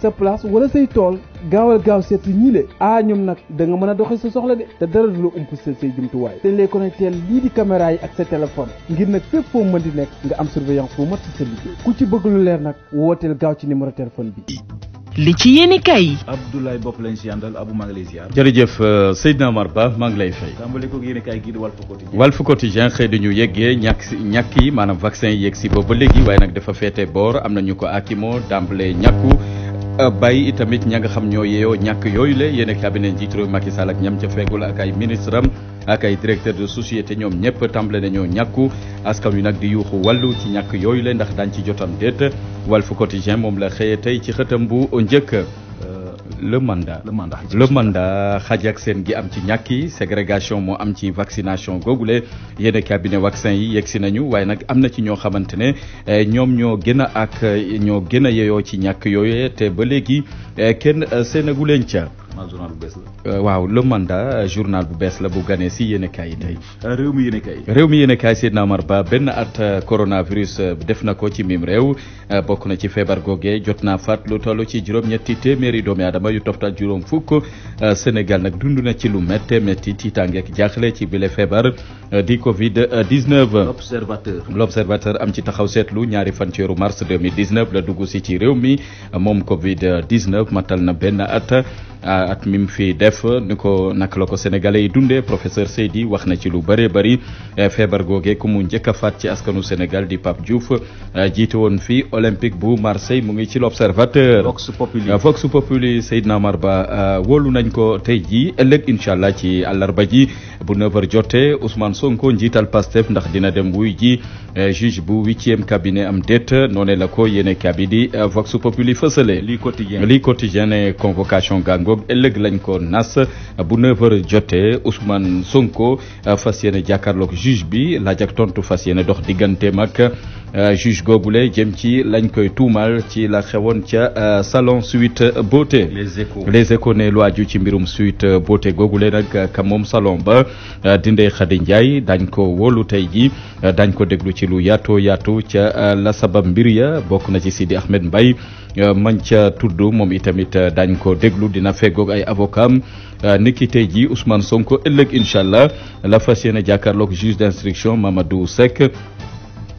sa place wala say tool gaawal gaaw seet si ñii le ah ñoom nag da nga mën a doxee sa soxla de te dara du la ump sa say jumtuwaay te ñu lay connecté lii di caméra yi ak sa téléphone ngir nag fépp foo mën di nekk nga am surveillance bu mat si sa liggéey ku ci bëgg lu leer nag wooteel gaaw ci numéro téléphone bi. li ci yéen kay. Abdoulaye Bopp lañ si àndal Abou maa ngi lay jërëjëf euh, Seydina Omar Ba maa ngi lay fay. tàmbali ko yéen kay gii di Walf Quotidien. Walf Quotidien xëy dañu yeggee ñàkk si yi maanaam vaccin yeeg si boobu ba léegi waaye nag dafa féete boor am na ñu ko akimoo tàmbalee ñàkku Euh, bay itamit ña nga xam ñoo yeeyoo ñàkk yooyu la yéen a cabinet njiit réew Macky Sall ak ñam ca feegul ak ay ministre am ak ay directeur de société ñoom ñëpp tàmbale nañoo ñàkku askan wi nag di yuuxu wàllu ci ñàkk yooyu le ndax daañ ci jotam déet Walf Quotidien moom la xëye tey ci xëtam bu njëkk le mandat le mandat le mandat xaj ak gi am ci ñàkk yi ségrégation moo am ci vaccination googule yenn cabinet vaccin yi yegg si nañu waaye nag am na ci ñoo xamante ne eh, ñoom ñoo gën a ak ñoo gën a yeyoo ci ñàkk yooyee te ba léegi eh, kenn eh, seenagu leen ca journal bu bees la. Euh, waaw le mandat journal bu bees la bu ganee si yéen a kaay tey. Euh, réew mi yéen a kaay. réew mi yéen a kaay Seydina Omar Ba benn at euh, coronavirus def na ko ci mim réew bokk na ci feebar googee jot naa faat lu toll ci juróom-ñetti téeméeri doomi aadama yu toftal juróom fukk Sénégal nag dund na ci lu méttee métti tiitaange ak jaaxle ci bile feebar di Covid 19. l'observateur l'observateur am ci taxaw seetlu ñaari fan ci weeru mars 2019 la dugg si ci réew mi moom Covid 19 matal na benn at. 1 at mi mu fi def ni ko naka la ko sénégalais yi dundee professeur Seydi wax na ci lu bëree bëri eh, feebar googee ku mu njëkk a faat ci askanu Sénégal di Pape Diouf eh, jiite woon fii olympique bu Marseille mu ngi ci l'observateur Vox Populi eh, Vox Populi Seydina Omar Ba wolu nañ ko tey ji ëllëg incha allah ci àllarba ji bu 9h jotee Ousmane Sonko njiital Pastef ndax dina dem wuy ji juge bu huitième cabinet am déet noonee la ko yéene kabidi Vox Populi fësale lii quotidien lii quotidien ne convocation gàngoog ëllëg lañ ko nas bu 9h jotee Ousmane Sonko euh, fas yéene jàkkaarloog juge bi laaj ak tontu fas yéene dox digganteem ak euh, juge googule jëm ci lañ koy tuumal ci la xewoon ca euh, salon Sweet Beauté. les échos les ne lu aju ci mbirum Sweet Beauté googule nag ka moom salon ba Dindé Khady Ndiaye dañ ko wóolu tey ji dañ ko déglu ci lu yaato yaatu ca la sabab mbir ya bokk na ci Sidi Ahmed Mbaye. Euh, mañ ca tudd moom itamit euh, daañ ko déglu dina feggoog ay avocat euh, niki tey jii Ousmane Sonko ëllëg incha allah la fas yéene jàkkaarloog juge d'instruction Mamadou Seck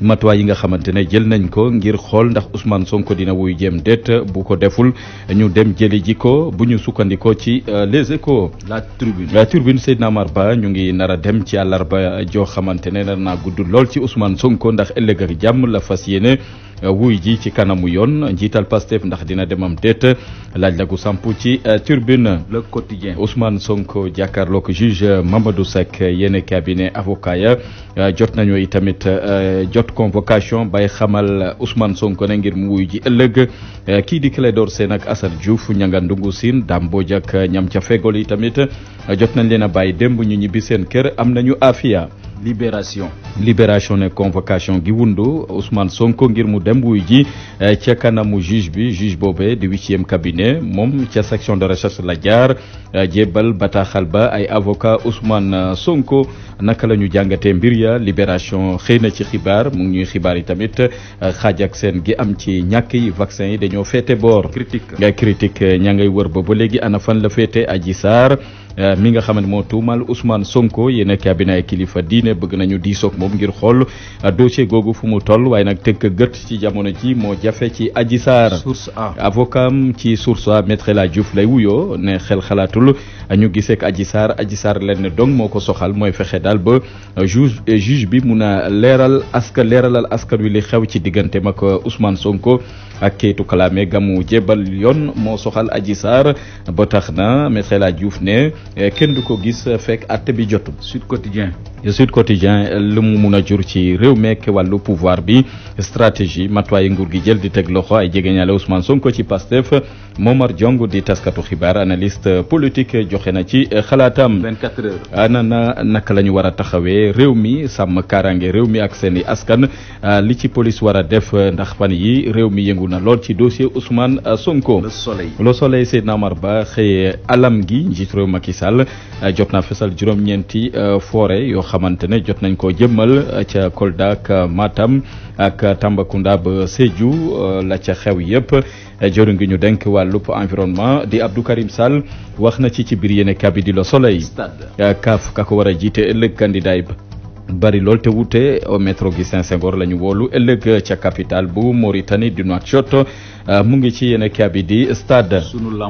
matuwaay yi nga xamante ne jël nañ ko ngir xool ndax Ousmane Sonko dina wuy jëm déet bu ko deful ñu dem jëli ji ko bu ñu sukkandikoo ci les échos. la tribune la tribune Seydina Amar Ba ñu ngi nar a dem ci àllarba joo xamante ne nar naa gudd lool ci Ousmane Sonko ndax ëllëg ak jàmm la fas yéene. wuy ji ci kanamu yoon njiital Pastef ndax dina demam déet laaj la gu samp ci euh, turbine le quotidien Ousmane Sonko jàkkaarloog juge euh, Mamadou Seck yéen cabinet avocat ya euh, jot nañu itamit jot convocation bay xamal usman Sonko ne ngir mu wuy ji ëllëg kii di Clédor Sène ak Assane Diouf ñanga ndungu siin Dambodj ak ñam ca fegol yi tamit jot nañ leen a bàyyi démb ñu ñibbi seen kër am nañu afia libération libération ne convocation gi wundu Ousmane Sonko ngir mu dem wuy ji eh, ca kanamu juge bi juge boobe di huitième cabinet moom ca section de recherche la jaar eh, jébbal bataaxal ba ay avocat Ousmane eh, Sonko naka la ñu jàngatee mbir ya libération xëy na ci xibaar mu ngi ñuy xibaar yi tamit xaaj ak seen gi am ci ñàkk yi vaccin yi dañoo féete boor critique critique ña ngay wër ba ba léegi ana fan la féete Adji Sarr Euh, mi nga xam ne moo tuumal Ousmane Sonko yéen ak cabinet kilifa diine bëgg nañu diisoog moom ngir xool euh, dossier googu fu mu toll waaye nag tënk gët ci jamono ji moo jafe ci Adji Sarr avocat am ci source a maître El lay wuyoo ne xel xalaatul ñu giseek Adji Sarr Adji Sarr lenn dong moo ko soxal mooy fexe daal ba euh, juge juge bi mun a leeral askan leeralal askan wi li xew ci diggante mag Ousmane Sonko ak kayitu kalaame gamu jébal yoon moo soxal Adji Sarr ba tax na maître la Hadji ne Eh, kenn du ko gis eh, fekk àtte bi jotul. Sud Quotidien. Eh, Sud Quotidien lu mu mun a jur ci réew meek wàllu pouvoir bi stratégie matuwaayu nguur gi jël di teg loxo ay jegeñaale Ousmane Sonko ci Pastef Momar Diong di taskatu xibaar analyste politique joxe na ci xalaatam. 24 nak ana na naka la ñu war a taxawee réew mi sàmm kaaraange réew mi ak seen i askan ah, li ci police war a def ndax fan yi réew mi yëngu na lool ci dossier Ousmane Sonko. Le Soleil Le Soleil Ba xëye alam gi njiit réew Macky Macky euh, jot naa fesal juróom-ñeenti euh, forêt yoo xamante ne jot nañ koo jëmmal euh, ca Kolda Matam ak Tambacounda ba Sédhiou la ca xew yëpp jëru ngi ñu denk wàllub environnement di Abdou Karim Sall wax na ci ci biir yéene kabi di Le Soleil jiite ëllëg candidat bari lool te wute métro Augustin Senghor la woolu ëllëg ca capitale bu Mauritanie di Nouakchott Euh, mu ngi ci yéen a kaabi di stade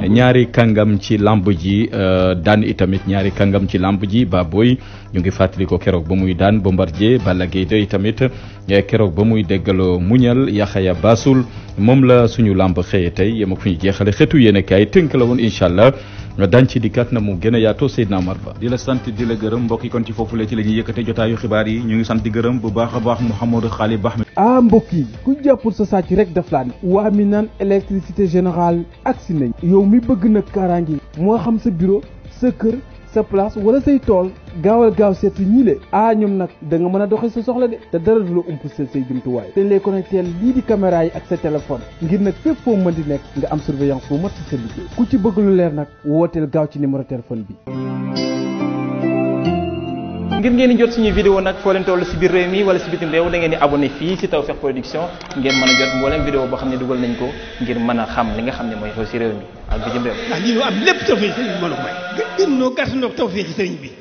ñaari kàngam ci làmb ji euh, daan itamit ñaari kàngam ci làmb ji Baboy ñu ngi fàttali ko keroog ba muy daan Bombardier Balla Gaye 2 itamit euh, keroog ba muy déggaloo muñal Yaxaya Basul moom la suñu lamb xëye tey yem ak fu ñu jeexale xetu yéen a kaay tënk la woon incha allah dañ ci dikkaat na mu gën a yaatoo Seydina Omar Ba di la sant di la gërëm mbokki kon ci foofu la ci la ñuy yëkkate jotaayu xibaar yi ñu ngi sant di gërëm bu baax a baax Mouhamadou Xaali Ba ah mbokk yi ku jàppul sa sàcc rek daf laa ne waa mi naan électricité générale si nañ yow mi bëgg nag kaaraange moo xam sa biro sa kër sa place wala say tool gaawal gaaw seet si ñii le ah ñoom nag da nga mën a doxee sa soxla de te dara du la ump seen say jumtuwaay dañ lay connecté lii di caméra ak sa téléphone ngir nag fépp foo mën di nekk nga am surveillance bu mat sa liggéey ku ci bëgg lu leer nag wooteel gaaw ci numéro téléphone bi ngir ngeen di jot suñuy vidéo nag foo leen toll si biir réew mi wala si bitim réew da di abonné fii si Tawfekh Production ngeen mën a jot mboolem vidéo boo xam ne dugal nañ ko ngir mën a xam li nga xam ne mooy xew si réew mi ak bitim réew. ndax lii ñu am lépp Tawfekh sëriñ bi moo la ko may. gën noo gàtt noo Tawfekh sëriñ bi.